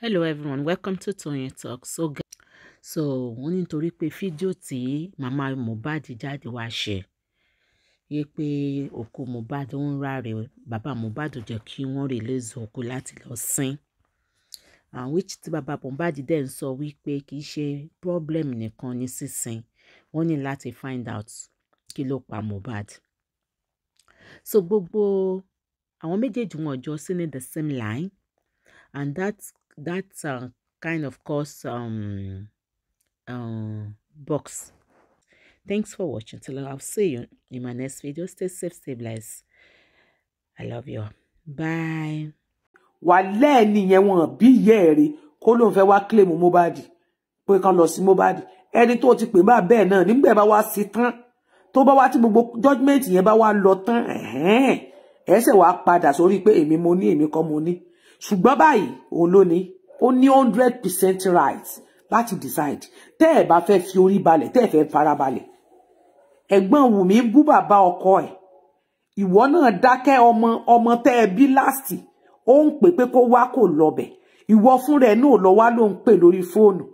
hello everyone welcome to Toyeen Talk. so guys so wọ́n nítorí pé fídíò tí màmá Mohbad jáde wá ṣe yé pé òkú Mohbad ń ráre bàbá Mohbad jẹ́ kí wọ́n release òkú láti lọ sin and which tí bàbá Mohbad dẹ̀ ń sọ wípé kì í ṣe problem nìkan ní sísìn wọ́n ní láti find out kí ló pa Mohbad so gbogbo àwọn méjèèjì wọn jọ sí ní the same line and that that uh, kind of course um, um, box. Thanks for watching. Till I'll see you in my next video. Stay safe, stay blessed. I love you. Bye. Wàlẹ́ nìyẹn wọn bí ìyẹ́ rẹ̀ kó ló ń fẹ́ wá kílèmù Mohbad kan lọ sí Mohbad ẹni tó ti pè bá bẹ́ẹ̀ náà nígbà bá wá sí tán tó bá wá tí gbogbo judgement yẹn bá wá lọ tán ẹ̀hẹ́n ẹ̀ẹ́sẹ̀ wá padà sórí pé èmi mo ní èmi kọ́ mo ní ṣùgbọ́n báyìí òun ló ní ó ní hundred percent right láti decide tẹ́ ẹ̀ bá fẹ́ fi orí balẹ̀ tẹ́ ẹ̀ fẹ́ fara balẹ̀ ẹ̀gbọ́n Wùmí bú bàbá ọkọ ẹ̀ ìwọ náà dákẹ́ ọmọ ọmọ tẹ́ ẹ bí láàsì ó ń pè pé kó wá kò lọbẹ̀ ìwọ fúnra ẹ̀ náà lọ wá ló ń pè lórí fóònù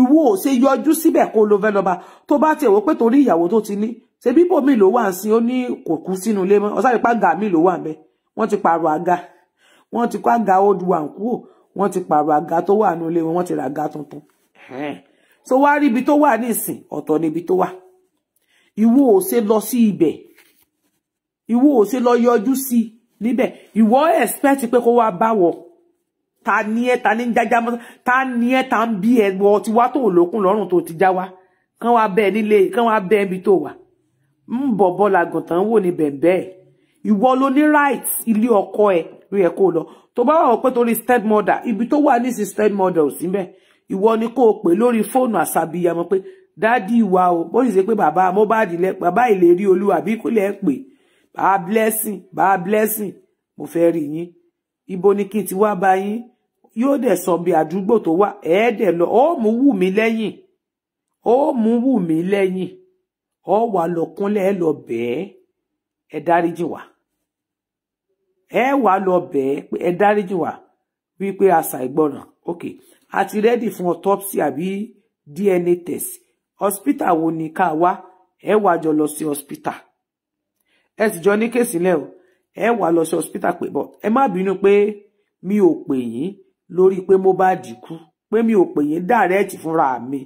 ìwọ ò ṣe yọjú síbẹ̀ kó ló fẹ́ lọ́ba tó bá tiẹ̀ wò pé torí ìyàwó tó ti ní ṣe bíbò mi ló wà ń sin ó ní kò kú sínú ilé mọ́ ọ̀sán ìpàgà mi ló wà ń wọ́n ti pààrọ̀ àga wọ́n ti kó àga old one kúrò wọ́n ti pààrọ̀ àga tó wà ní ilé wọn wọ́n ti ra àga tuntun so wá rí ibi tó wà nísìn ọ̀tọ̀ níbi tó wà ìwọ ò ṣe lọ sí ibẹ̀ ìwọ ò ṣe lọ yọjú sí níbẹ̀ ìwọ expect pé kó wá báwọ ta ni ẹ ta ni ń jájá mọ́ ta ni ẹ ta ń bí ẹ wọ ti wá tó lókun lọ́rùn tó ti já wá kán wá bẹ́ẹ̀ nílé kán wá bẹ́ẹ̀ ibi tó wà ń bọ̀ bọ́ làgùntàn wò ní bẹ̀ẹ̀ ìwọ ló ní right ilé ọkọ ẹ ló yẹ kó lọ tó bá wà pé torí stepmother ibi tó wà nísìnyí stepmother ò sí mbẹ ìwọ ni kó o pè lórí fóònù àṣàbíyamọ pé dádì wa o bó sì ṣe pé bàbá Mohbad lẹ bàbá ìlérí olúwa bí kúlẹ̀ ń pè bàbá blessing bàbá blessing mo fẹ́ rí yín ibo ni kí n ti wá bá yín yóò dẹ̀ sọ bí àdúgbò tó wà ẹ̀ẹ́dẹ̀ lọ ó mú wù mí lẹ́yìn ó mú wù mí lẹ́yìn ó wà lọ kúnlẹ̀ lọ bẹ́ẹ̀ ẹ dáríjì wá ẹ wàá lọ bẹ̀ẹ́ pé ẹ dáríjì wá wípé a ṣàìgbọràn ok a ti rẹ́dì fún autopsy àbí DNA test hospital wo ni ká wá ẹ wàá jọ lọ sí hospital ẹ sì jọ ní kéèsì lẹ o ẹ wàá lọ sí hospital pé bọ ẹ má bínú pé mi ò pè yín lórí pé Mohbad kú pé mi ò pè yín dàrẹ́ẹ̀tì fúnra mi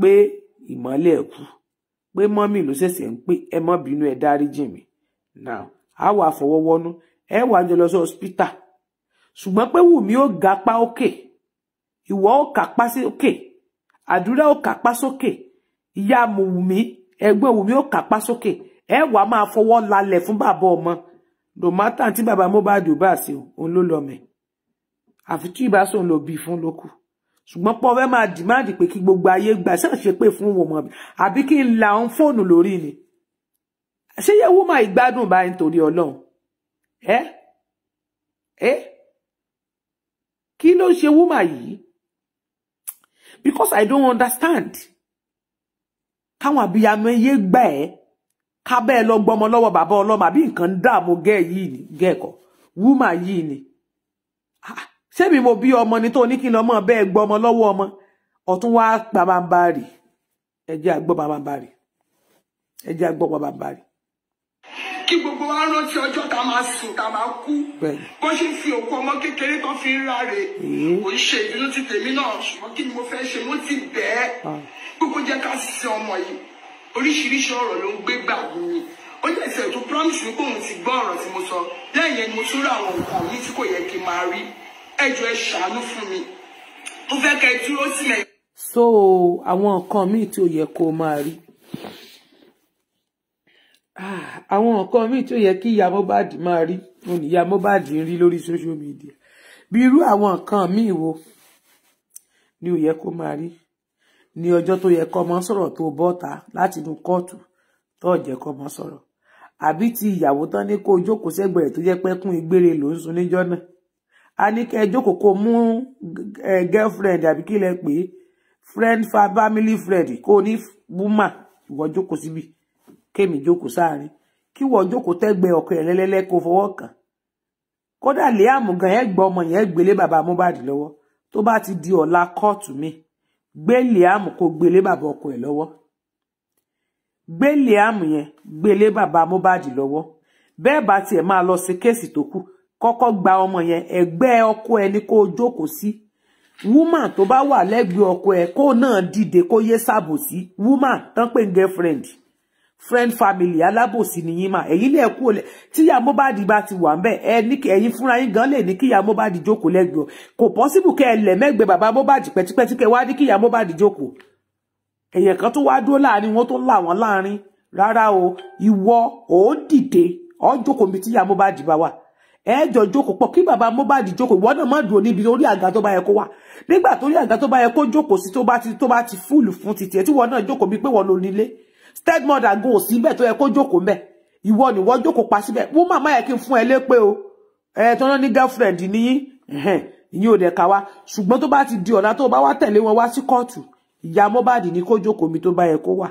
pé ìmọ́lẹ̀ kú pé mọ́mì ló ṣẹ̀ṣẹ̀ ń pè ẹ mọ́ bínú ẹ dáríjì mi now a wà fọwọ́ ẹ wà ń jọ lọ sí hospital ṣùgbọ́n pé Wùmí ó gapá o ìwọ ó kàpá sí òkè o ó kàpá sókè ìyá mu Wùmí ẹgbẹ́ Wùmí ó kàpá sókè ẹ wà máa fọwọ́ lalẹ̀ fún bàbá ọmọ dòmátà tí bàbá Mohbad ò bá sí òun ló lọmẹ àfi tí ìbá sóun lò bí fún lókù ṣùgbọ́n pọ́ fẹ́ máa dìmáàdì pé kí gbogbo ayé gbà ṣáà ṣe pé fún wọn mọ̀ àbí kí n la òun fóònù lórí ni ṣé yẹ wọ́n máa gbádùn báyìí nítorí Ọlọ́run ẹ ẹ kí ló ń ṣe wúmà yìí because i don't understand káwọn àbíyamọ yé gbà ẹ kábẹ́ ẹ lọ gbọmọ lọ́wọ́ bàbá ọlọ́mọ àbí nǹkan ń dààmú gẹ́ yìí ni gẹ́ẹ̀kọ́ wúmà yìí ni ah, ṣebí mo bí ọmọ ni tó ní kí n lọ́mọ bẹ́ẹ̀ gbọmọ lọ́wọ́ ọmọ ọ̀tún wá pàmàbà rì ẹ̀jẹ̀ àgbọ̀ pàmàbà rì ẹ̀jẹ̀ àgbọ̀ pàmàbà rì kí gbogbo wa rántí ọjọ́ tá máa sùn tá máa kú bó ṣe fi òkú ọmọ kékeré kan fi ń ráre kò ń ṣe ìbínú ti tèmi náà ṣùgbọ́n kí ni mo fẹ́ ṣe mo ti bẹ́ẹ̀ ah. gbogbo jẹ́ ká sin ọmọ yìí oríṣiríṣi ọ̀rọ̀ ló ń gbé gbà mí ó jẹ́ ìṣẹ̀ tó promise mi pé òun ti gbọ́ ọ̀rọ̀ tí mo sọ lẹ́yìn yẹn ni mo tún àwọn nǹkan yìí tí kò yẹ kí n máa rí ẹ ẹ ṣàánú fún mi mo fẹ́ kẹ́ ẹ dúró sílẹ̀. so àwọn nǹkan míì tí ó yẹ kó máa rí àwọn nǹkan míì tó yẹ kí ìyá Mohbad máa rí òun ni ìyá Mohbad ń rí lórí social media bí irú àwọn nǹkan míì wo ni ò yẹ kó máa rí ní ọjọ́ tó yẹ kọ́mọ sọ̀rọ̀ tó bọ́ta láti inú kóòtù tó jẹ́ kọ́mọ sọ̀rọ̀ àbí ti ìyàwó tán ní kó jókòó sẹ́gbẹ̀rẹ̀ tó jẹ́ pẹ́kún ìgbére ló ń sun níjọ́ náà a ní kẹ́ jókòó kó mú girlfriend àbí kí lẹ pé friend fa family friend kó ní woman ìwọ jókòó síbi. Si kémi jókòó sáàrin kí wọ́n jókòó tẹ́gbẹ́ ọkọ ẹ̀ lẹ́lẹ́lẹ́ kó fọwọ́ kàn kódà Liam gan ẹ gbọ́ ọmọ yẹn gbélé bàbá Mohbad lọ́wọ́ tó bá ti di ọ̀la kóòtù mi gbé Liam kó gbélé bàbá ọkọ ẹ̀ lọ́wọ́ gbé Liam yẹn gbélé bàbá Mohbad lọ́wọ́ bẹ́ẹ̀ bá tiẹ̀ máa lọ sí kéèsì tó kù kọ́kọ́ gba ọmọ yẹn ẹ̀gbẹ́ ọkọ ẹ̀ ni kó jókòó sí woman tó bá wà lẹ́gbẹ̀ẹ́ ọkọ ẹ̀ kó náà dìde kó yé sàbòsí woman tán pé girlfriend friend family alábòsí ni yín mà ẹ̀yin lè kú olè tíyà Mohbad bá ti wà ńbẹ̀ ẹ ní ẹ̀yin fúnra yín gan lè ní kíyà Mohbad jókòó lẹ́gbẹ̀ẹ́ kò possible kẹ́ ẹ lẹ̀ mẹ́gbẹ̀ẹ́ bàbá Mohbad pẹ́tipẹ́ti kẹ́ wá ní kíyà Mohbad jókòó èèyàn kan tó wá dúró láàrin wọn tó là wọn láàrin rárá o ìwọ ò dìde ọ jókòó mi tíyà Mohbad bá wà ẹjọ jókòó pọ̀ kí bàbá Mohbad jókòó ìwọ náà má dúró níbi orí àga tó bá yẹ kó wà nígbà tó rí àga tó bá yẹ kó jókòó sí tó bá ti tó bá ti fúlù fún titi ẹ tí wọn náà jókòó bíi pé wọn lò nílé stepmother go síbẹ̀ tó yẹ kó jókòó mbẹ̀ ìwọ ni wọ́n jókòó pa síbẹ̀ wọ́n màmá yẹ kí n fún ẹ lépè o ẹ tó náà ní girlfriend níyín ìyín ò dẹ̀ ká wa ṣùgbọ́n tó bá ti di ọ̀nà tó bá wá tẹ̀lé wọn wá sí kóòtù ìyá Mohbad ní kó jókòó mi tó bá yẹ kó wà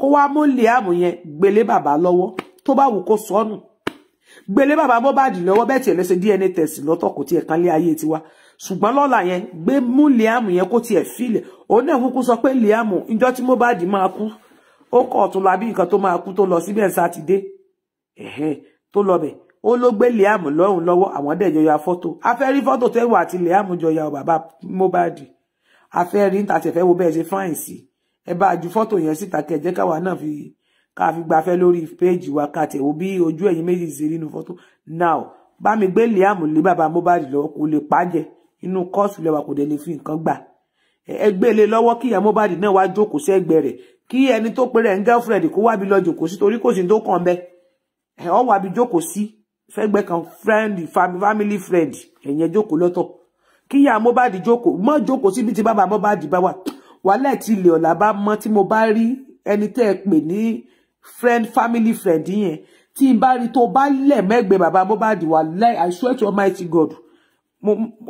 kó wá mú Liam yẹn gbélé bàbá lọ́wọ́ tó bá wù kó sọnù gbélé bàbá Mohbad lọ́wọ́ bẹ́ẹ̀ tiẹ̀ lọ́sẹ̀ DNA test lọ́tọ̀ kò tiẹ̀ kan lé ayé tiwa ṣùgbọ́n lọ́la yẹn gbé mú Liam yẹn kó tiẹ̀ fílẹ̀ òun náà kúkú sọ pé Liam ìjọ tí Mohbad máa kú ó kọ̀ labi labí nǹkan tó máa kú tó lọ síbẹ̀ sátidé tó lọ bẹ̀ ó ló gbé liam lọ́rùn lọ́wọ́ àwọn dẹ̀ jọ ya fọ́tò afẹ́ rí fọ́tò tẹ́wọ̀ àti liam jọ ya bàbá Mohbad afẹ́ rí níta tẹ̀fẹ́ wo bẹ́ẹ̀ ṣe fáìn sí ẹ bá ju fọ́tò yẹn síta kẹjẹ́ káwa náà fi ká fi gbafẹ́ lórí péèjì wa ká tẹ̀wọ́ bí ojú ẹ̀yìn méjì sí nínú fọ́tò now bá mi gbé liam lé bàbá Mohbad lọ́wọ́ kò lè pàjẹ́ inú kọ́ọ̀sì lẹ́wà kò dẹ̀ lè fi nǹkan gbà ẹgbẹ́ lé lọ́wọ́ kíyà Mohbad náà wá jókòó sẹ́gbẹ́ kí ẹni tó pe rẹ̀ ń girlfriend kó wábi lọ jòkó sí torí kò sí tó kàn bẹ́ẹ̀ ẹ̀ ọ́ wábi jókòó sí fẹ́gbẹ́ kan friend family friend ẹ̀yẹn jókòó lọ́tọ̀ kíyà Mohbad jókòó mọ́ jókòó síbi tí bàbá Mohbad bá wà wàhálà tí ilé ọ̀la bá mọ́ tí mo bá rí ẹni tẹ́ ẹ pè ní friend family friend yẹn tí n bá rí tó bá lẹ̀ mẹ́gbẹ́ bàbá Mohbad wàhálà I swear to Almighty God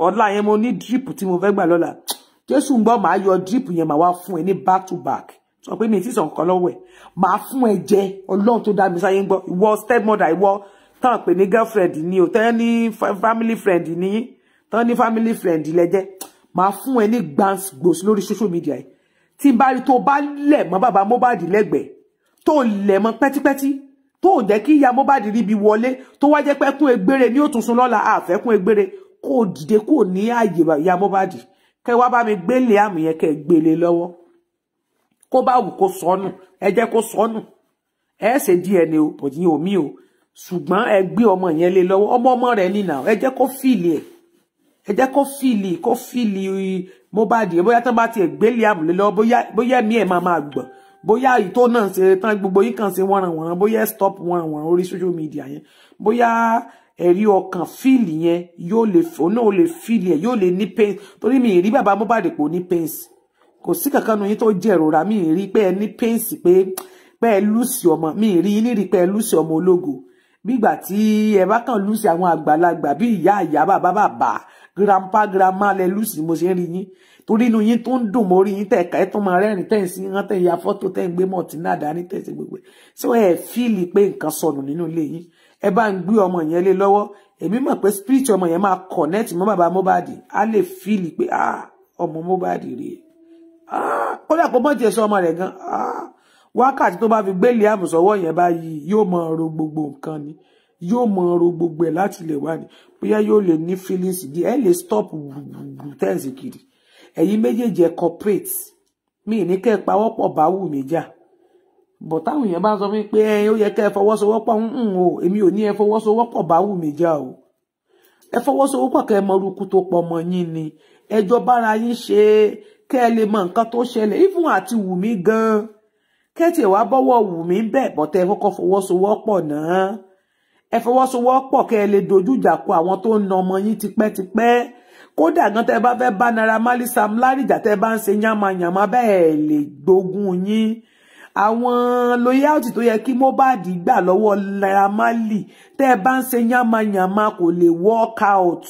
ọ̀la yẹn mo ní drip tí mo fẹ́ gbà lọ́la Jésù ń bọ̀ máa yọ drip yẹn máa wá fún ẹ ní back to back sọ pé mi ti sọ nǹkan lọ́wọ́ ẹ̀ màá fún ẹ jẹ ọlọ́run tó dá mi sáyé ń gbọ́ ìwọ stepmother ìwọ tán pè ní girlfriend ni o tán ní family friend ni tán ní family friend lẹ́jẹ́ màá fún ẹ ní gbans gbòs lórí social media yìí tí n bá rí tó bá lẹ̀ mọ́ bàbá Mohbad lẹ́gbẹ̀ẹ́ tó lẹ̀ mọ́ pẹ́típẹ́tí tó jẹ́ kí ìyá Mohbad ríbi wọlé tó wá jẹ́ pé kún egbére ní òtún sun lọ́la àfẹ́kún egbére kó dìde kó ní ààyè ìyá Mohbad kẹ wá bá mi gbélé àmì yẹn kẹ gbélé lọ́wọ́ kó bá wù kó sọnù ẹ jẹ́ kó sọnù ẹ ṣe DNA o kò yín omi o ṣùgbọ́n ẹ gbé ọmọ yẹn lé lọ́wọ́ ọmọ ọmọ rẹ̀ nìyà ẹ jẹ́ kó fìlì ẹ̀ ẹ jẹ́ kó fìlì kó fìlì Mohbad ẹ bóyá tán bá tiẹ̀ gbé Liam lé lọ́wọ́ bóyá ẹ̀mí ẹ̀ máa máa gbọ̀n bóyá ìtò náà ṣe tán gbogbo yìí kan ṣe wọ́nranwọ̀nran bóyá stop wọ́nranwọ̀nran orí social media yẹn bóyá ẹ̀rí ọkàn fíìlì yẹn yóò lè òun náà lè fíìlì ẹ̀ yóò lè ní pains torí mi rí bàbá Mohbad kò ní pains kò sí kankan nu yín tó jẹ̀rora mi rí pé ẹ ní pẹ́ǹsì pé pé ẹ lùsì ọmọ mi rí yín rí pé ẹ lùsì ọmọ ológo bígbà tí ẹ bá kàn lùsì àwọn àgbàlagbà bí ìyá ìyá bàbá bàbá grandpa grandma lẹ lùsì mo ṣe ń rí yín torí inú yín tó ń dùn mọ́ orí yín tẹ̀ ká ẹ tún máa rẹ́rìn tẹ̀ ń sí rán tẹ̀ ń ya fọ́tò tẹ̀ ń gbé mọ̀ tí náà dání tẹ̀ sí gbogbo ṣé ẹ fíìlì pé nǹkan sọnù nínú ilé yín ẹ bá ń gbé ọmọ yẹn lé lọ́wọ́ èmi mọ̀ pé spirit ọmọ yẹn máa connect mọ́ bàbá Mohbad á lè fíìlì pé ah ọmọ Mohbad rèé ó dà pé mọ́tì ẹ̀sọ́ ọmọ rẹ̀ gan ah, wákàtí tó bá fi gbé liam sọ́wọ́ yẹn báyìí yóò mọ ro gbogbo nǹkan ni yóò mọ ro gbogbo ẹ̀ láti lè wá ni bóyá yóò lè ní feelings di ẹ lè stop tẹ́ǹsì kiri ẹ̀yin méjèèjì ẹ̀ corporate mi ní kẹ́ ẹ̀ pawọ́pọ̀ bá wù mí jà bọ̀ táwọn èèyàn bá sọ fún mi pé ẹ ó yẹ kẹ́ ẹ fọwọ́sowọ́pọ̀ ń o èmi ò ní ẹ fọwọ́sowọ́pọ̀ bá wù mí jà o ẹ fọwọ́sowọ́pọ̀ kẹ́ ẹ mọ orúkú tó pọ̀ mọ́ yín ni ẹjọ́ bára yín ṣe kẹ́ ẹ lè mọ nǹkan tó ṣẹlẹ̀ even àti Wùmí gan-an kẹ́tì wàá bọ́wọ́ Wùmí bẹ́ẹ̀ bọ́tẹ́ ẹ kọ́kọ́ fọwọ́sowọ́pọ̀ náà ẹ fọwọ́sowọ́pọ̀ kẹ́ ẹ lè dojú ìjà kọ àwọn tó ń na ọmọ yín tipẹ́tipẹ́ kódà gan tẹ́ bá fẹ́ bá Naira Marley Sam Larry jà tẹ́ bá ń ṣe yánmayànmá bẹ́ẹ̀ lè gbógun yín àwọn loyalty tó yẹ kí Mohbad gbà lọ́wọ́ Naira Marley tẹ́ bá ń ṣe yánmayànmá kò lè work out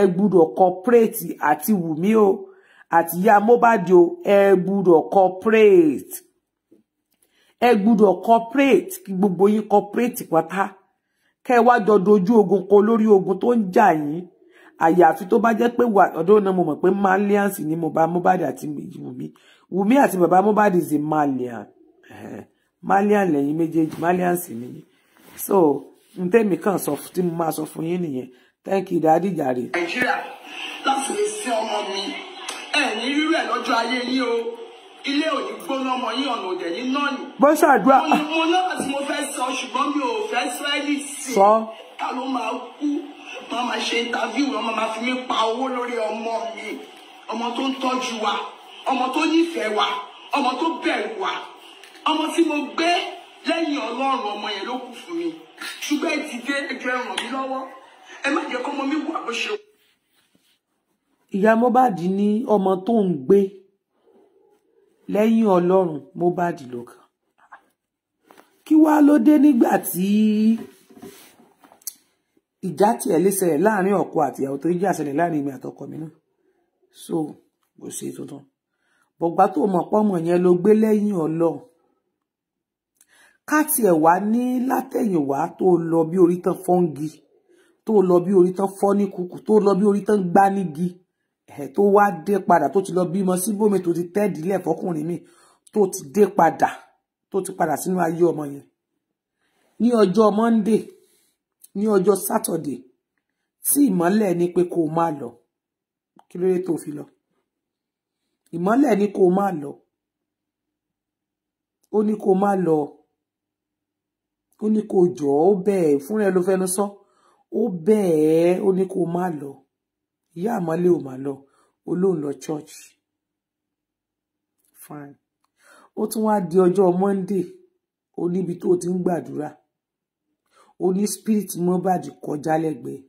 ẹ gbúdọ̀ corporate àti Wùmí o àti ìyá Mohbad o ẹ gbúdọ̀ corporate ẹ gbúdọ̀ corporate kí gbogbo yín corporate pátá kẹ́ wá jọ dojú ogun kọ lórí ogun tó ń jà yín àyàfi tó bá jẹ́ pé wà ọ̀dọ́ náà mo mọ̀ pé malian sì ni bàbá Mohbad àti Wùmí Wùmí àti bàbá Mohbad is a malian malian lẹ́yìn méjèèjì malian sì ni so n tẹ́mi kàn sọ tí mo máa sọ fún yín thank you Daddy, rè. Nigeria, that's the sin on me ẹ ní rírú ẹ lọ́jọ́ ayé yín o ilé ò ní gbóná ọmọ yín ọ̀nà òdẹ̀ ní náà ni. bó ṣàdúrà. mo náà tí mo fẹ́ sọ ṣùgbọ́n mi ò fẹ́ sọ ẹ́ lì sí. sọ. ká ló máa kú máa máa ṣe interview wọn máa fi mí pa owó lórí ọmọ mi ọmọ tó ń tọ́jú wa ọmọ tó nífẹ̀ẹ́ wa ọmọ tó bẹ̀rù wa ọmọ tí mo gbé lẹ́yìn ọlọ́run ọmọ yẹn ló kù fún mi ṣùgbọ́n ẹ ti dé ẹgbẹ́ ràn mí lọ́wọ́ ẹ má jẹ́ kọ́mọ mi wà bó ṣe wà ìyá Mohbad ní ọmọ tó ń gbé lẹ́yìn Ọlọ́run Mohbad lọ́kàn kí wá ló dé nígbà tí ìjà tiẹ̀ lè ṣẹlẹ̀ láàrin ọkọ àti tó jà ṣẹlẹ̀ láàrin èmi àtọkọ mi náà so kò ṣe tuntun bọ̀gbà tó mọ̀ pọ́mọ̀ yẹn ló gbé lẹ́yìn Ọlọ́run ká tiẹ̀ wá ní látẹ̀yìnwá tó lọ bí orí tán fọ́ngi tó lọ bí orí tán fọ́ ní kùkù tó lọ bí orí tán gbá nígi ẹ̀ tó wá dé padà tó ti lọ bímọ síbòmí tó ti tẹ́ẹ̀dì lẹ̀ fọkùnrin mi tó ti dé padà tó ti padà sínú ayé ọmọ yẹn ní ọjọ́ Monday ní ọjọ́ Saturday tí ìmọ́lẹ̀ ní pé kó o máa lọ kí ló dé tó fi lọ ìmọ́lẹ̀ ní o máa lọ ó ní o máa lọ ó ní kó o jọ ó bẹ́ẹ̀ fúnra ẹ ló fẹnu sọ ó bẹ́ẹ̀ ó ní kó o máa lọ ìyá àmọ́lé ò mà lọ olóhùn lọ church fine ó tún wá di ọjọ́ monday ó níbi tó ti ń gbàdúrà ó ní spirit Mohbad kọjá lẹ́gbẹ̀ẹ́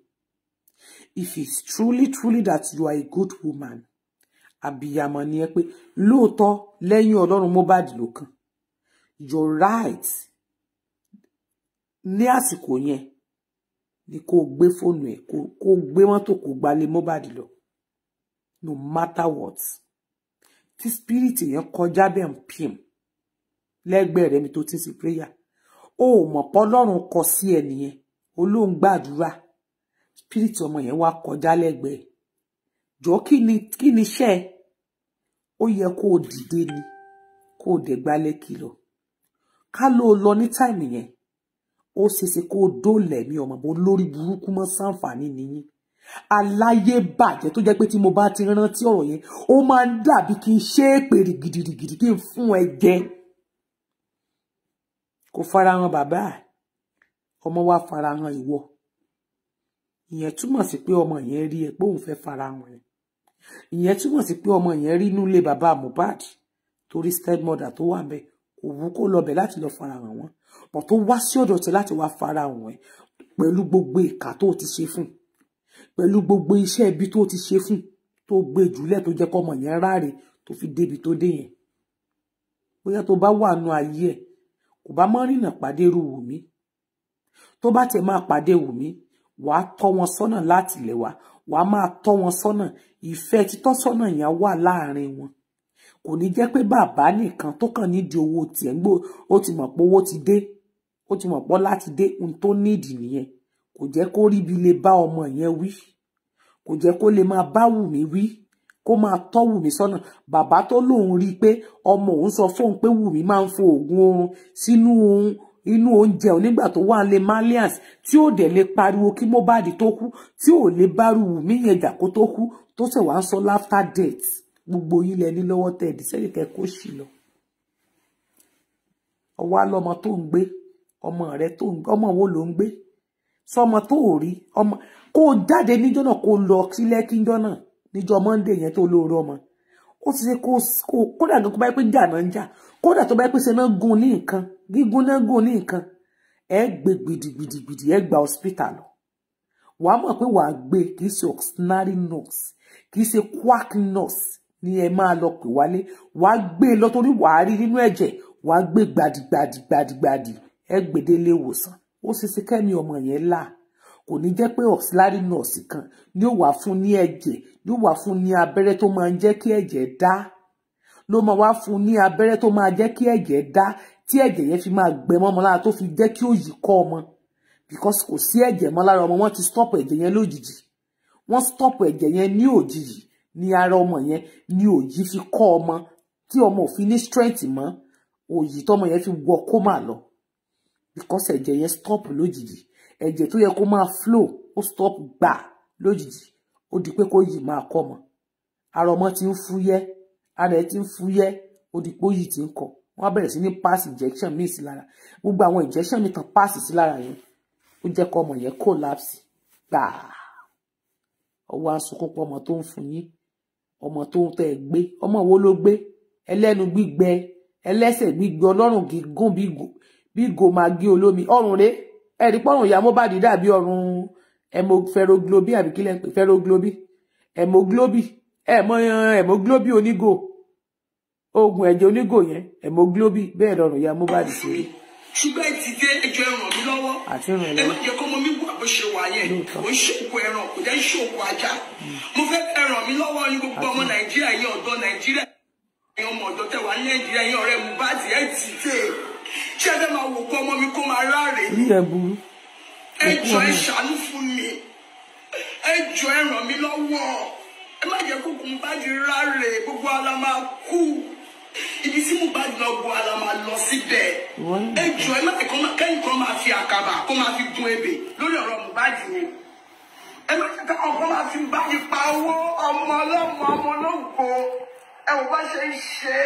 if it's truly truly that you are a good woman àbíyamọ ni ẹ pé lóòótọ́ lẹ́yìn Ọlọ́run Mohbad ló kàn your right ní àsìkò yẹn ni kó gbé fóònù ẹ kó gbé mọ́tò kó gbalé Mohbad lọ no matter what tí spirit yẹn kọjá bẹ́ẹ̀ ń pìm lẹ́gbẹ̀ẹ́ rẹ mi tó ti ń ṣe prayer ó mọ̀ pọ́lọ́run kọ sí ẹ nìyẹn olóhùn gbàdúrà spirit ọmọ yẹn wá kọjá lẹ́gbẹ̀ẹ́ jọ kí ni kí ni iṣẹ́ ó yẹ kó dìde ni kó o dẹ̀ gbálẹ̀ kìlọ̀ ká ló lọ ní táìmù yẹn ó ṣeéṣe kó dólẹ̀ mi ọmọ bó lórí burúkú mọ́ sáǹfààní nìyí aláyé bàjẹ́ tó jẹ́ pé tí mo bá ti rántí ọ̀rọ̀ yẹn ó máa ń dàbí kí n ṣe é pè rìgìdìrìgìdì kí n fún ẹ jẹ kò farahàn bàbá ọmọ wa farahàn ìwọ ìyẹn túmọ̀ sí pé ọmọ yẹn rí ẹ pé òun fẹ́ farahàn ẹ ìyẹn túmọ̀ sí pé ọmọ yẹn rí inú ilé bàbá Mohbad torí stepmother tó wà bẹ́ẹ̀ kò lọ bẹ̀ láti lọ farahàn wọn bọ̀ tó wá sí ọ̀dọ̀ tẹ láti wá farahàn ẹ pẹ̀lú gbogbo ìkà tó ti ṣe fún pẹ̀lú gbogbo iṣẹ́ ibi tó ti ṣe fún tó gbé jùlẹ̀ tó jẹ́ kọ́mọ yẹn ráre tó fi débi tó dé yẹn bóyá tó bá wà nù ayé ẹ kò bá mọ́ rìnà pàdé irú Wùmí tó bá tẹ̀ máa pàdé Wùmí wàá tọ́ wọn sọ́nà láti lẹ̀ wá wàá máa tọ́ wọn sọ́nà ìfẹ́ títọ́ sọ́nà yẹn wà láàrin wọn kò ní jẹ́ pé bàbá nìkan tó kàn nídìí owó tiẹ̀ ń gbó ó ti mọ̀ pé owó ti dé ó ti mọ̀ pé láti dé ohun tó nídìí nìyẹn kò jẹ́ kó ríbi lè bá ọmọ yẹn wí kò jẹ́ kó lè máa bá Wùmí wí kó máa tọ́ Wùmí sọ́nà bàbá tó lóun rí i pé ọmọ òun sọ fóun pé Wùmí máa ń fo oògùn oorun sínú ohun inú oúnjẹ onígbà tó wà lé malians tí ò dẹ̀ lè pariwo kí Mohbad tó kú tí ò lè bá Wùmí yẹn jà kó tó kú tó sì wá ń sọ láfter death gbogbo yín lẹ ní lọ́wọ́ tẹ̀ ẹ̀dí sẹ́yìn kẹ́ kó sì lọ ọwọ́ alọ́mọ tó ń gbé ọmọ rẹ tó ń gbé ọmọ wo ló ń gbé sọmọ tó ò rí ọmọ kó o jáde níjọ́ náà kó o lọ sí lẹ́kíjọ́ náà níjọ́ Monday yẹn tó lóore ọmọ ó ti ṣe kó o kódà tó bá yẹ pé jà náà ń jà kódà tó bá pé ṣe náà gún ní nǹkan gígún náà gún ní nǹkan ẹ gbé gbidigbidigbidi ẹ gba hospital lọ wàá mọ̀ pé wàá gbé kì í ṣe ordinary nurse kì í ṣe quack nurse ni ẹ máa lọ pè wálé wàá gbé lọ torí wàá rí nínú ẹ̀jẹ̀ wàá gbé gbadigbadi gbadigbadi ẹ gbèdélé ìwòsàn ó ṣe ṣe kẹ́mi ọmọ yẹn là kò ní jẹ́ pé ọ̀sílárì nọ̀ọ̀sì kan ni ó wà fún ní ẹ̀jẹ̀ ni ó wà fún ní abẹ́rẹ́ tó máa ń jẹ́ kí ẹ̀jẹ̀ dá ló máa wá fún ní abẹ́rẹ́ tó máa jẹ́ kí ẹ̀jẹ̀ dá tí ẹ̀jẹ̀ yẹn fi máa gbẹ mọ́ ọmọ lára tó fi jẹ́ kí ó yí kọ́ ọmọ because kò sí ẹ̀jẹ̀ mọ́ lára ọmọ wọn ti stop ẹ̀jẹ̀ yẹn lójijì wọ́n stop ẹ̀jẹ̀ yẹn ní òjijì ní ara ọmọ yẹn ni òyì fi kọ́ ọmọ tí ọmọ ò fi ní strength mọ́ òyì tọmọ yẹn fi wọ kómà lọ because ẹ̀jẹ̀ yẹn stop lójijì ẹ̀jẹ̀ tó yẹ kó máa flow ó stop gbà lójijì ó di pé kó yìí máa kọ́ ọmọ ara ọmọ ti ń fúyẹ́ ara ẹ̀ ti ń fúyẹ́ ó di pé ó yìí ti ń kọ́ wọ́n á bẹ̀rẹ̀ sí ní pass injection míì sí lára gbogbo àwọn injection mi tàn pass sí lára yẹn ó jẹ́ kọ́ ọmọ yẹn collapse gbàá ọwọ́ à ń sunkún pọ̀ ọmọ tó ń fún yín ọmọ tó ń tẹ́ gbé ọmọ wo ló gbé ẹlẹ́nu gbígbẹ ẹlẹ́sẹ̀ gbígbẹ ọlọ́run gígùn bí gòmágé olómi ọrùn rẹ ẹ̀rí pọ́rùn ìyá Mohbad dàbí ọrùn hemoglobin àbí kílẹ̀ ń pè hemoglobin hemoglobin ẹ̀mọ́ hemoglobin onígò oògùn ẹ̀jẹ̀ onígò yẹn hemoglobin bẹ́ẹ̀ lọ́rùn ìyá Mohbad sí i ṣùgbọ́n ẹ ti dé ẹjọ́ ẹ ràn mí lọ́wọ́ ẹ má jẹ́ kó ọmọ mi wà bó ṣe wà yẹn ò ń ṣòkò ẹran kò dẹ́ ń ṣòkò ajá hmm. mo fẹ́ ẹ ràn mí lọ́wọ́ ní gbogbo ọmọ nàìjíríà yẹn ọ̀dọ́ nàìjíríà yẹn ọmọ ọ̀dọ́ tẹ̀wá ní nàìjíríà yẹn ọ̀rẹ́ mu bá ti ẹ ti dé ṣé ẹ fẹ́ máa wò kó ọmọ mi kó máa ráre ẹ jọ̀ọ́ ẹ ṣàánú fún mi ẹ jọ̀ọ́ ẹ lọ́wọ́ ẹ má jẹ́ kó ibi tí mo bá lọ bu ara máa lọ síbẹ̀ ẹ jọ ẹ má kẹ́yìn kan máa fi àkàbà kó máa fi gun ebè lórí ọ̀rọ̀ Mohbad yẹn ẹ má kẹ́kẹ́ ọ̀kan máa fi bá ipa owó ọmọ ọlọ́mọ ọmọ ológo ẹ ò bá ṣe ń ṣe.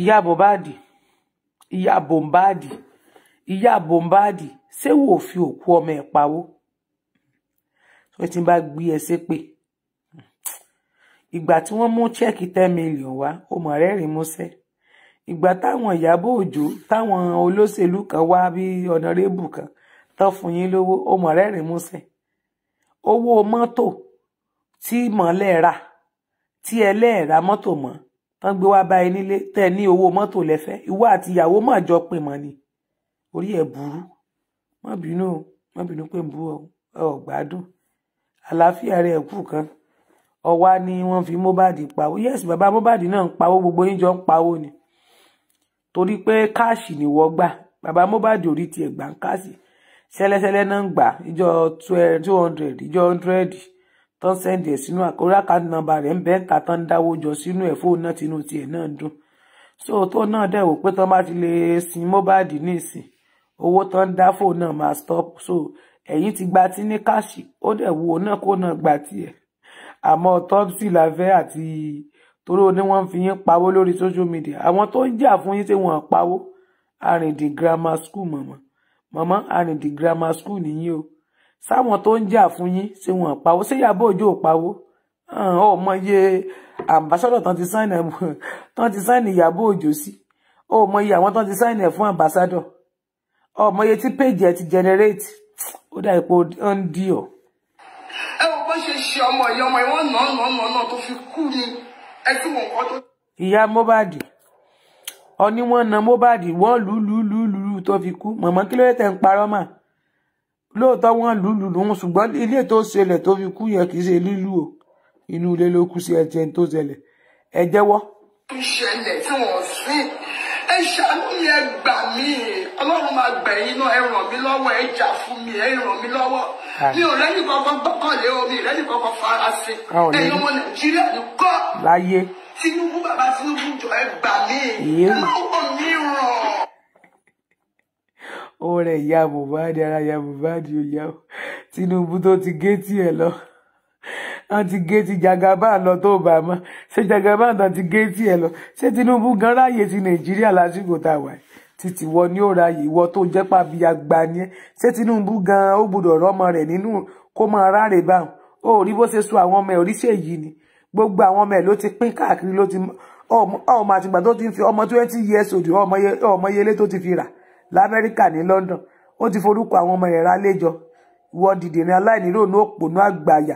ìyá Mohbad ìyá Mohbad ìyá Mohbad ṣé wò ó òkú ọmọ ẹ̀ pawó tí ti bá gbé ẹ ṣépè ìgbà tí wọ́n mú ṣẹ́ẹ̀kì ten million wá ó mọ̀ rẹ́rìn músẹ́ ìgbà táwọn ìyábọ̀ òjò táwọn olóṣèlú kan wá bí ọ̀nàrẹ́bù kan tán fún yín lówó ó mọ̀ rẹ́rìn músẹ́ owó mọ́tò tí mọ̀lẹ́ rà tí ẹlẹ́ẹ̀ra mọ́tò mọ́ tán gbé wá báyìí nílé tẹ́ ní owó mọ́tò lẹ́fẹ́ ìwọ àti ìyàwó mọ̀ jọ pè mọ́ ni orí ẹ̀ burú má bínú pé ń bú ọ gbádùn àlàáfíà rẹ̀ kù kan ọwá ni wọ́n fi Mohbad pawó yes bàbá Mohbad náà ń pawó gbogbo yín jọ ń pawó ni torí pé káàṣì ni wọ́n gbà bàbá Mohbad ò rí tiẹ̀ gbà ń káàṣì ṣẹlẹ́ṣẹlẹ́ náà ń gbà ìjọ two hundred ìjọ hundred tó ń sẹ́ndì ẹ̀ sínú àkórí àkáǹtì nọ́mbà rẹ̀ ń bẹ́ẹ̀ ta tó ń dáwó jọ sínú ẹ̀ fóònù náà tinú tiẹ̀ náà dùn so tó náà dẹ̀ wò pé tó bá ti lè sin Mohbad ní owó tó dá fóònù náà máa stop so ẹ̀yìn ti gba tí ní káàṣì ó dẹ̀ wo náà kó náà gba tiẹ̀ àmọ́ tọ́psì la fẹ́ àti torí ó ní wọ́n fi yín pawó lórí social media àwọn tó ń jà fún yín ṣé wọ́n pawó arìndìn grammar school mọ̀mọ́ mọ̀mọ́ arìndìn grammar school nìyí o sáwọn tó ń jà fún yín ṣé wọ́n pawó ṣé Ìyábọ̀ Òjó pawó ọ mọ iye ambassador tán ti sign tán ti sign Ìyábọ̀ Òjó sí ọ mọ iye àwọn tán ti sign ẹ̀ fún ambassador ọ mọ iye tí page ẹ ti generate ó dà ipò ó ń dí ọ. ẹ w wọ́n ṣe ṣe ọmọ ìyá ọmọ ìwọ́n náà náà náà náà tó fi kú ni ẹ tí mò ń kọ́ tó. ìyá Mohbad ọní wọ́n na Mohbad wọ́n lù lù lù lù tó fi kú mọ̀mọ́ kí ló yẹ tẹ́ ń parọ́ mà lóòótọ́ wọ́n lù lù lù ilé tó ṣẹlẹ̀ tó fi kú yẹ kì í ṣe lílù o inú ilé ló kú sí ẹ̀jẹ̀ tó ṣẹlẹ̀ ẹ jẹ́wọ́. ìṣẹ̀lẹ̀ tí wọ́n sí ẹ ṣàánú mi gbà mí ọlọ́run máa gbẹ̀yìn náà ẹ ràn mí lọ́wọ́ ẹ jà fún mi ẹ ràn mí lọ́wọ́ Ah. mi ò rẹ́ni kankan gbọ́kànlé o mi ò rẹ́ni kankan fara sí ẹ̀yin ọmọ nàìjíríà ló kọ́ láyé tinubu bàbá tinubu jọ ẹ gbà mí ẹ má wọ mí ràn. ọ̀rẹ́ ìyá mohbad ara ìyá mohbad ò yá o tinubu tó ti géètì ẹ lọ wọn ti géètì jagaba lọ tó bá a mọ ṣé jagaba náà ti géètì ẹ lọ ṣé tinubu gan ráàyè ti nàìjíríà lásìkò tá a wà yìí títí wọ ní ó ra yìí wọ tó jẹ́ pàbí àgbà ni ẹ́ ṣé Tinubu gan-an ó gbọ́dọ̀ rọ́mọ rẹ̀ nínú kó máa ráre báwọn ó rí bó ṣe so àwọn ọmọ ẹ̀ oríṣẹ́ yìí ni gbogbo àwọn ọmọ ẹ̀ ló ti pín káàkiri ló ti ọmọ àtìgbà tó ti ń fi ọmọ twenty years old ọmọ yẹlé tó ti fi rà l'Amẹ́ríkà ní London ó ti forúkọ àwọn ọmọ ẹ̀ rálẹ́jọ wọ dìde ní aláìníròónú òpònú àgbàyà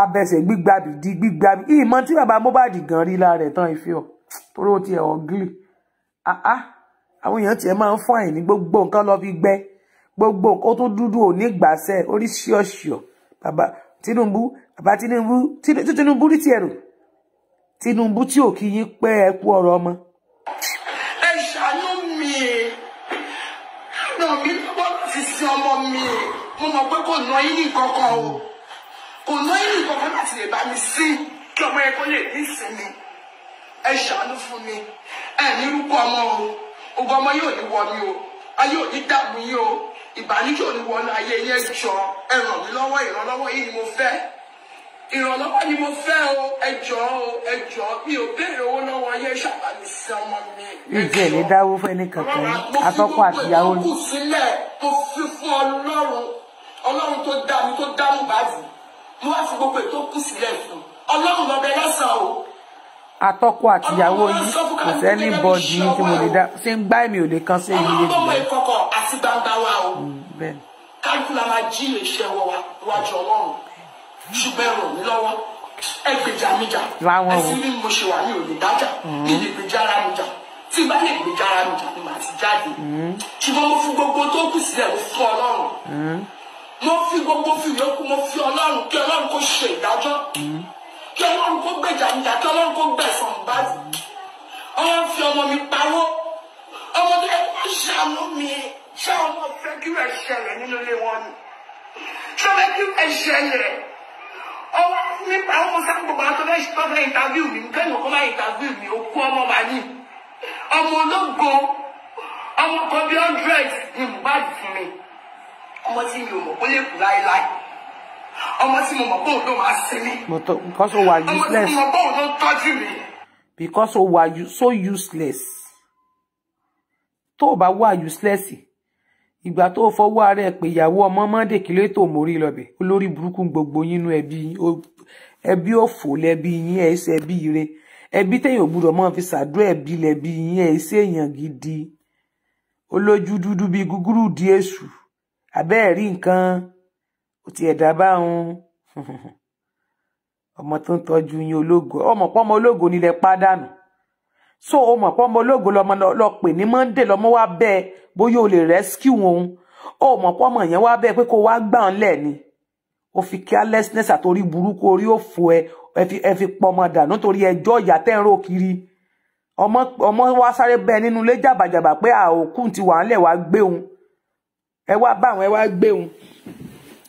abẹsẹ̀ gbígbàbí di gbígbàbí ìmọ̀ tí bàbá Mohbad gan rí lára ẹ̀ tán ìfihàn torí ó ti ah ah àwọn èèyàn tiẹ̀ máa ń fún àìní gbogbo nǹkan lọ fi gbẹ gbogbo nǹkan tó dúdú ò ní gbàṣẹ oríṣiríṣiọ bàbá Tinubu bàbá Tinubu Tinubu rí tiẹ̀ rò Tinubu tí ò kí yín pẹ́ ẹ kú ọ̀rọ̀ ọmọ. ẹ ṣàánú mi ràn mí lọ́wọ́ láti sin ọmọ mi mo mọ̀ pé kò ná yín nìkan kan o kò ná yín nìkan kan láti lè bá mi sí kí ọmọ yẹn kó lè ní ìsinmi ẹ ṣàánú fún mi ẹ ní ọmọ o ogun ọmọ yóò ní wọlé o ayé ò dààmú yìí o ìbànújẹ́ ò ní wọlé ayé yẹn jọ ẹ ràn mí lọ́wọ́ yìí ni mo fẹ́ ìrànlọ́wọ́ ni mo fẹ́ o ẹ o ẹ mi ò béèrè owó lọ́wọ́ ayé ṣàbàmì sí ọmọ mi. ìjẹ́ lè dáwó fún ẹnì kankan atọ́kọ àtìyàwó ni. mo fi kú sílẹ̀ mo fi fún ọlọ́run ọlọ́run tó dá mi tó dá mi báyìí mo wá fi gbogbo ètò kù sílẹ̀ fún ọlọ́run lọ́bẹ̀ lọ́sàn-án atọ́kọ àtìyàwó yìí kò sẹ́ni bọ́ọ̀dì yìí tí mo lè dá ṣé ń gbá èmi ò lè kan sí èmi lè dùn. àwọn ọmọ ìkọ̀kọ̀ àti gbangba wa o mm, kálukú la máa jí lè ṣe ẹwọ wa wájú Ọlọ́run ṣùgbọ́n ẹ̀rọ mi lọ́wọ́ ẹgbẹ̀jà mi jà ẹsìn bí mo ṣe wà ní òde dájà mi mm. lè gbèjà ara mi jà tí bá lè gbèjà ara mi jà ni màá ti jáde mm. ṣùgbọ́n mo fi gbogbo tó kù sílẹ̀ mo fún Ọlọ́run mo fi gbogbo fi yòókù mo fi Ọlọ́run kí Ọlọ́run kó ṣe ìdájọ́ kí ọlọ́run kó gbèjà níta kí ọlọ́run kó gbẹ̀sán báyìí ọlọ́run fi ọmọ mi pawó ọmọ tó yẹ kó ṣàánú mi ṣé ọmọ fẹ́ kí rẹ̀ ṣẹlẹ̀ nínú ilé wọn ni ṣé ọmọ kí rẹ̀ ṣẹlẹ̀ ọwọ́ nípa ọmọ sábùgbà tó fẹ́ tó fẹ́ ìtàvíù mi nǹkan ìmọ̀ kó má ìtàvíù mi ó kú ọmọ màní ọmọ ológo ọmọ kan bí hundred ni mo bá jù mí ọmọ tí mi ò mọ̀ kó lè kú láéláé ọmọ tí mo mọ̀ pé ló máa sinmi. because o wa useless. ọmọ tí mo mọ̀ pé ló tọ́jú mi. because o wa so useless. tó o bá wà useless ìgbà tó fọwọ́ ara ẹ̀ pé ìyàwó ọmọ mọ́dé kílé tó mórí lọ́bẹ̀ olórí burúkú gbogbo yínú ẹbí ẹbí òfò lẹbí yín ẹ̀ ṣe ẹbí ire ẹbí téèyàn gbúdọ̀ mọ́ fi ṣàdúrà ẹbí lẹbí yín ẹ̀ ṣe èèyàn gidi olójú dúdú bíi gúgúrú di èṣù abẹ́ẹ̀ rí nǹkan kò tiẹ̀ dá báwọn ọmọ tó ń tọ́jú yín ológo ọmọ pọ́mọ ológo nílẹ̀ pádànù so ọmọ pọ́mọ ológo lọmọ lọ pè ní monday lọmọ wá bẹ́ẹ̀ bóyá o lè rescue òun ọmọ pọ́mọ yẹn wá bẹ́ẹ̀ pé kó wá gbà ń lẹ̀ ni o fi carelessness àtòrí burúkú orí òfò ẹ ẹ fi pọmọ dànù torí ẹjọ́ ìyá tẹ́ ń rò kiri ọmọ ọmọ wa sáré bẹ́ẹ̀ nínú ilé jàbàjàbà pé àòkú ti wà ń lẹ̀ wá gbé òun ẹ wá bá àwọn ẹ wá gbé òun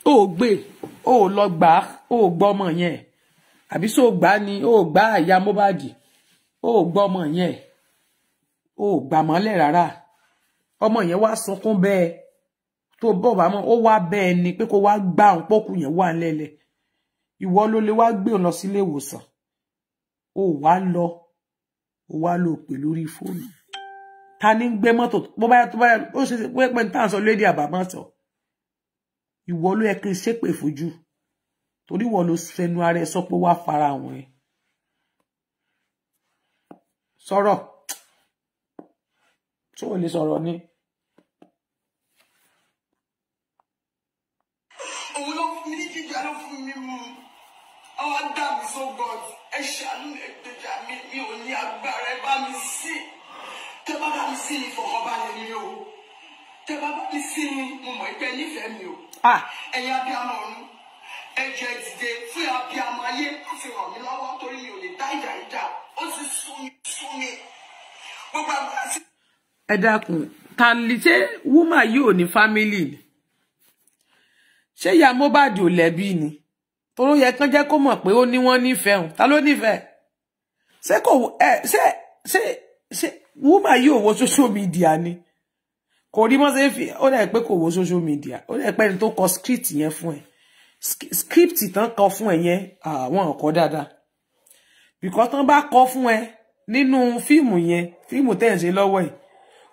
ó gbé ó lọ gbà á ó gbọ́ ọmọ yẹn àbí sọ gbà á ni ó gbà àyà Mohbad ó gbọ́ ọmọ yẹn ó gbà mọ́lẹ̀ rárá ọmọ wa wá sunkún bẹ́ẹ̀ tó bọ̀ bá mọ́ ó wá bẹ́ẹ̀ ni pé kó wá gbá òun pọ́kù yẹn wà lẹ́lẹ̀ ìwọ ló lè wá gbé òun lọ sílé ìwòsàn ó wá lọ ó wá lọ pè lórí fóònù ta ni ń gbé mọ́tò bó bá yà tó bá yà ó ṣe pé pẹ́ńtà sọ lédi àbámọ́tò ìwọ ló yẹ kí n ṣépè fojú torí ìwọ ló fẹnu ara ẹ sọ pé wàá fara àwọn ẹ sọ̀rọ̀ tó o lè sọ̀rọ̀ ni. òun ló fún mi ní jíjà ló fún mi mú àwọn dàbí sọgọt ẹ ṣàánú ẹgbẹjà mi mi ò ní agbára ẹ bá mi sí tẹ bá bá mi sí ni ìfọkànbalẹ̀ mi o tẹ bá bá mi sí ni mo mọ ìgbẹ nífẹ̀ẹ́ mi o. Ah. ẹ̀yin abiyamọ ọ̀run ẹ̀jẹ̀ ìdìde fún abiyamọ ayé kó fi ràn mí lọ́wọ́ torí mi ò lè dá ìjà ìjà ó ti sún mi sún mi gbogbo àgbà sí. ẹ dákun ta ni ṣé wúmà yóò ní fámílì ni ṣé ìyá Mohbad ò lẹ́bí ni toró yẹ kán jẹ́ kó mọ̀ pé ó ní wọ́n nífẹ̀ẹ́ òun ta ló nífẹ̀ẹ́ ṣé kò ẹ ṣé ṣé ṣé wúmà yóò wo social media ni kò rí mọ́sẹ̀ fi ó dà pé kò wo social media ó dà pé ẹni tó kọ script yẹn fún ẹ script tán kọ fún ẹ yẹn àwọn ọkọ dáadáa bìkọ́ tán bá kọ fún ẹ nínú fíìmù yẹn fíìmù tẹ̀ ń ṣe lọ́wọ́ ẹ̀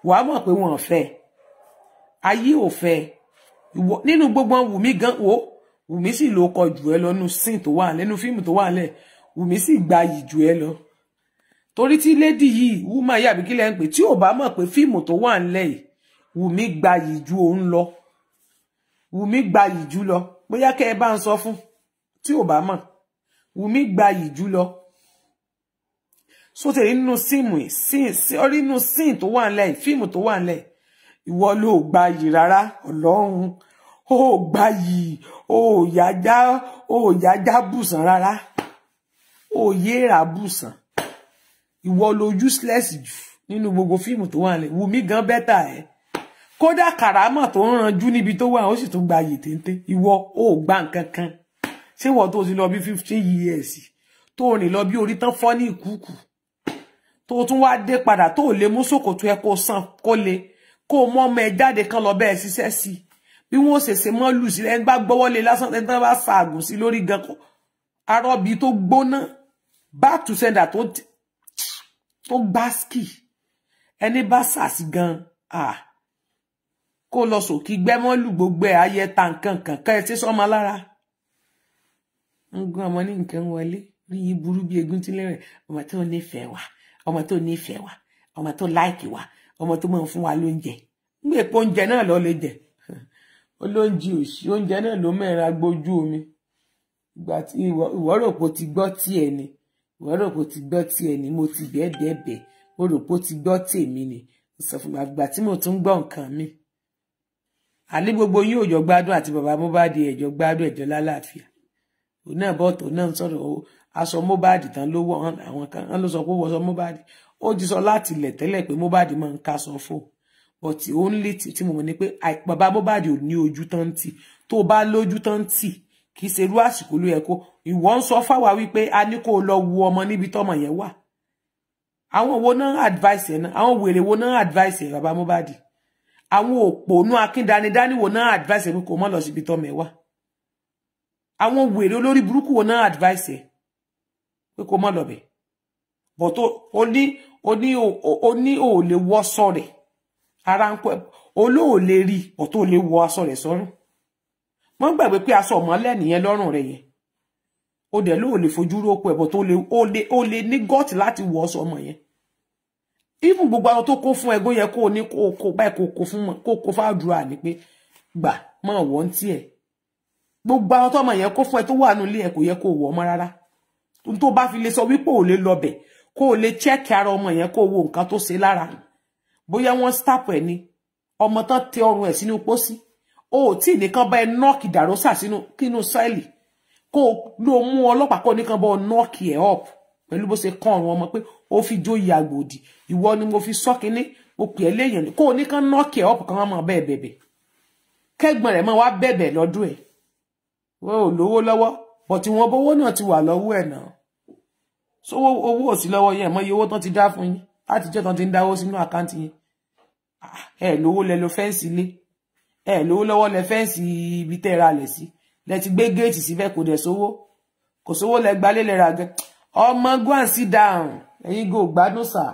wàá mọ̀ pé wọ́n fẹ́ ayé ò fẹ́ nínú gbogbo wùmí gan wo wùmí sì ló kọ jù ẹ lọ nínú sin tó wà lẹ́nu fíìmù tó wà lẹ̀ wùmí sì gbayì jù ẹ lọ torí tí lédi yìí wúmà yàbí kílẹ̀ ń pè tí ò bá mọ̀ pé fíìmù tó wà ń lẹ̀ Wùmí gbayì ju òun lọ Wùmí gbayì jù lọ bóyá kẹ́ ẹ bá ń sọ fún tí ò bá mọ̀ Wùmí gbayì jù lọ sótè nínú síìmù orí nínú síìn tó wà nílẹ̀ fíìmù tó wà nílẹ̀ ìwọ ló gbayì rárá Ọlọ́run ó gbayì ó yájá ó yájá bùsàn rárá ó yéèrà bùsàn ìwọ ló useless jù nínú gbogbo fíìmù tó wà nílẹ̀ Wùmí gan bẹ́tà ẹ̀. Eh? kódà kàrámọ̀ tó ń ranjú níbi tó wà ó sì tún gba àyè téńté ìwọ ò gbà nǹkan kan ṣé ìwọ tó ti lọ bí fifteen years tó rìn lọ bí orí tán fọ́ ní ìkúùkù tó tún wá dé padà tó lè mú ṣòkòtò ẹ kó sàn kó le kó mọ ọmọ ẹ jáde kan lọ bẹ́ẹ̀ ṣiṣẹ́ sí bí wọ́n ṣe ṣe mọ́ lù sílẹ̀ ẹni bá gbọ́wọ́ lé lásán ẹni tán bá ṣàgùn sí lórí gan kó arọ́bí tó gbóná bá tù sẹ́ńdà tó gbáskì ẹni bá ṣàṣì gan ah kó lọ sòkí gbẹ́mọ́lù gbogbo ẹ̀ ayẹ ta nǹkan kankan ẹ ti sọ́mọ lára ń gún ọmọ ní nǹkan wọlé rí i burú bí egun tí lẹ́rìn ọmọ tó nífẹ̀ẹ́ wa ọmọ tó nífẹ̀ẹ́ wa ọmọ tó láìkì wa ọmọ tó máa ń fún wa lóúnjẹ ń gbé epo oúnjẹ náà lọ lè jẹ olóúnjẹ òsì oúnjẹ náà ló mẹ́rin agbójú omi ìgbà tí ìwọ rò pé ti gbọ́ tiẹ̀ ni ìwọ rò pé ti gbọ́ tiẹ̀ ni mo ti bẹ́ẹ̀ bẹ́ẹ̀ bẹ́ẹ̀ mo rò pé o ti gbọ́ ni mo sọ fún gbàgbà mo tún gbọ́ nǹkan mi àní gbogbo yín òjò gbádùn àti bàbá Mohbad ẹjọ gbádùn ẹjọ lálàáfíà òun náà bọ́ọ̀tò náà ń sọ̀rọ̀ aṣọ Mohbad tán ló wọ àwọn kan wọn ló sọ pé wọṣọ Mohbad ó ti sọ láti ilẹ̀ tẹ́lẹ̀ pé Mohbad máa ń kaṣọ fò but only tí mo mọ̀ ni pé bàbá Mohbad ò ní ojú tán tì tó bá lójú tán tì kì í ṣe irú àsìkò ló yẹ kó ìwọ ń sọ fáwa wípé a ní kó lọ wu ọmọ níbi tọmọ yẹn wà àwọn wo náà advice yẹn náà àwọn wèrè wo náà advice yẹn bàbá Mohbad àwọn òpònú akíndánidániwò náà advice ẹ̀ pé kò mọ́ lọ síbi tọ́ mẹ́wà àwọn wèrè olórí burúkú wò náà advice ẹ̀ pé kò mọ́ lọ bẹ̀ but ó ní ó ní ó ní ò lè wọ́ sọ̀rẹ̀ ara ń pẹ́ olóò lè rí but ó lè wọ aṣọ rẹ̀ sọ́rùn wọ́n gbàgbé pé aṣọ ọ̀mọ́lẹ̀ nìyẹn lọ́rùn rẹ̀ yẹn ó dẹ̀ lóò fojú rókò ẹ̀ but ó lè ó lè ní gọ́ọ̀tì láti wọ aṣọ ọmọ yẹn even gbogbo àwọn tó kó fún ẹgbó yẹ kó ní kó kó báyìí kó kó fún kó kó fáàdúrà ni pé gbà mọ wọn tiẹ gbogbo àwọn tọmọ yẹn kó fún ẹ tó wà nílé ẹ kò yẹ kó wọ ọmọ rárá tó bá fi lè sọ wípé ò lè lọbẹ kó o lè chẹ́ẹ̀kì ara ọmọ yẹn kó wo nǹkan tó ṣe lára bóyá wọ́n stap ẹ̀ ni ọmọ tán tẹ ọrùn ẹ̀ sínú pósí o ò tí nìkan bá ẹ nọ́ọ̀kì dàrósà sínú kínú sẹ́ẹ̀lì kó o lọ mú ọlọ́pàá kó nìkan bá ọ nọ́ọ̀kì ẹ̀ ọ̀pù pẹ̀lú bó ṣe kàn ọ̀run ọmọ pé ó fi jóyè àgbòdì ìwọ ni mo fi sọ́ kínní mo pè é léèyàn kó o ní kán nọ́ọ̀kì ẹ̀ ọ̀pọ̀ kan máa bẹ́ẹ̀ bẹ̀bẹ̀ kẹ́gbọ́n rẹ̀ máa wá bẹ̀bẹ̀ lọ́dún ẹ̀ wọ́n ò lówó lọ́wọ́ bọ̀ tí wọ́n bówó náà ti wà lọ́wọ́ ẹ̀ náà sówó owó ò sí lọ́wọ́ yẹn mọ́ iye owó tán ti dá fún yín láti jẹ́ tán ti ń dáwó sínú àkáǹtì yín ẹ̀ lówó lẹ lo fẹ́ǹsì ilé ẹ̀ lówó lọ́wọ́ lẹ fẹ́ǹsì ibi tẹ́ ra lẹ̀ sí lẹ ti gbé géètì síbẹ̀ kò dẹ̀ sówó kò sówó lẹ gbalé lẹ ra gẹ́gẹ́ ọmọ go and sit down ẹ̀yin go gbádùn sà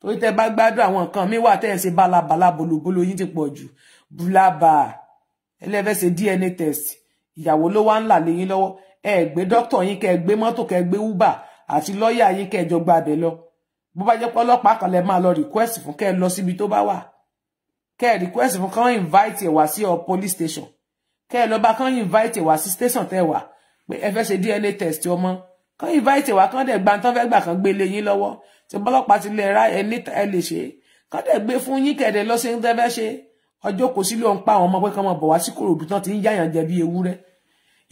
torí tẹ́ bá gbádùn àwọn nǹkan mi wà tẹ́ ṣe balabala bolobolo yín ti pọ̀ jù bulaba ẹlẹ́fẹ́ ṣe dna test ìyàwó ló wá ń là léyìn lọ́wọ́ ẹ gbé dókítà yín kẹ́ gbé mọ́tò kẹ́ gbé uber àti lọ́ọ̀yà yín kẹ́ jọ gba abẹ lọ bó bá jẹ́ pé ọlọ́pàá kan lẹ máa lọ request fún kẹ́ lọ síbi tó bá wà kẹ́ request fún kán invite ẹ wá sí ọ police station kẹ́ lọ bá kán invite ẹ wá sí station tẹ́ wà pé ẹ fẹ́ ṣe dna test ọmọ kán invite wa kán dẹ̀ gba tán fẹ́ gbà kán gbé lé yín lọ́wọ́ tí bọ́lọ́pàá ti lè ra ẹ lè ṣe kán dẹ̀ gbé fún yín kẹ̀dẹ̀ lọ́sẹ̀ ń tẹ́fẹ́ ṣe ọjọ́ kò sí ló ń pa àwọn ọmọ pé kán máa bọ̀ wá sí kòròdú tán ti ń yáyàn jẹ bí ewúrẹ́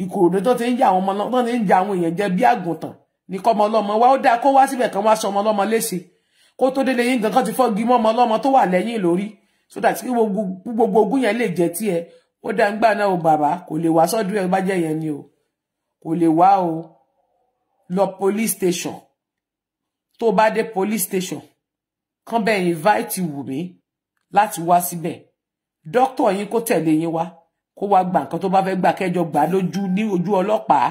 ìkòròdú tán ti ń yà àwọn ọmọ náà tán ti ń ja àwọn èèyàn jẹ bí àgùntàn ní kọ́mọ ọlọ́mọ wa ó dáa kó wá síbẹ̀ kán wá sọ ọmọ ọlọ́mọ léṣe kó tó délé yín gan kán ti fọ́gi mọ́ ọmọ ọlọ́mọ tó wà lẹ́yìn lórí so that kí gbogbo ogún yẹn lè jẹ́ tiẹ̀ ó dá ń gbà náà o bàbá kò lè wá sọ́dún ẹ̀ bá jẹ́ yẹn ni o kò lè wá o lọ police station tó bá dé police station kán bẹ́ẹ̀ invite Wùmí láti wá síbẹ̀ dókítà yín kó tẹ̀lé yín wá kó wá gba nǹkan tó bá fẹ́ gbà kẹjọ gbà lójú ní ojú ọlọ́pàá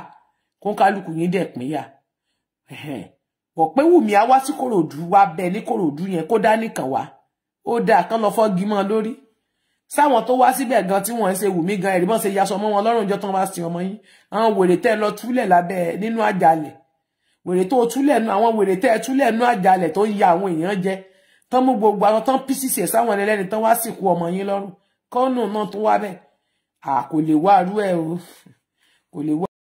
kó ń kálukú yín dẹ̀ pínyà wọ̀ pé Wùmí á wá sí Kòròdú wá bẹ ní Kòròdú yẹn kó dá nìkan wá ó dáa kán lọ fọ́gi mọ́ lórí sáwọn tó wá síbẹ̀ gan tí wọ́n ń ṣe Wùmí gan ẹ̀rí se ṣe yaṣọ mọ́ wọn lọ́rùn ìjọ tán bá sin ọmọ yín àwọn wèrè tẹ́ lọ túlẹ̀ lábẹ́ nínú àjàlẹ̀ wèrè tó túlẹ̀ nu àwọn wèrè tẹ́ ẹ túlẹ̀ nu àjálẹ̀ tó ń ya àwọn èèyàn jẹ tán mú gbogbo àwọn tán pcc ẹ̀ sáwọn ẹlẹ́ni tán wá sìnkú ọmọ yín lọ́rùn kọ́nù náà tó wá bẹ́ẹ̀ à kò lè wá rú ẹ̀ o kò lè wá.